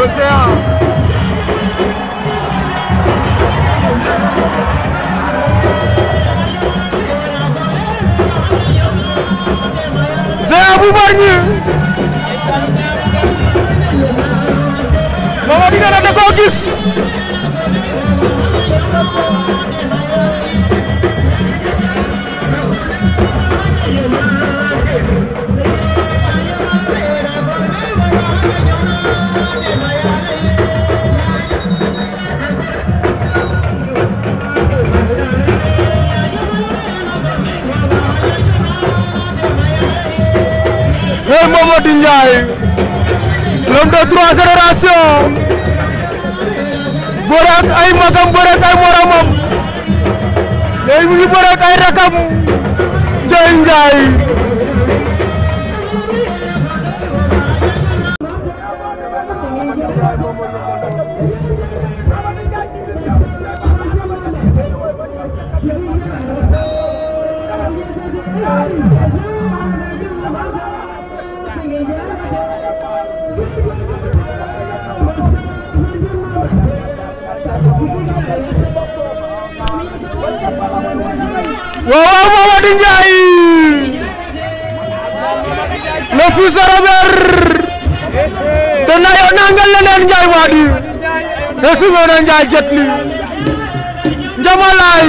Ndiol Géant Géant bu Bargny Mamady nee na da koo gis Amadou Ndiaye l'homme de trois générations bëre ay magam bëre ay moromam léegi mu ngi bëre ay rakam Ndiaye Ndiaye waaw Mamady Ndiaye le fils de Robert te nayo nangal leneen Ndiaye waadi te sumee na Ndiaye Jet Li Njamalaay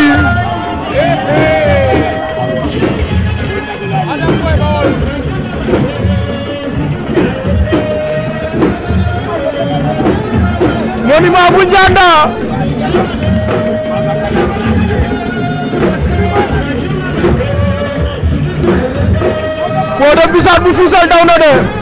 monument bu Ndianda Fodé Bissane bu Fissel daw na de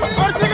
Barcelona!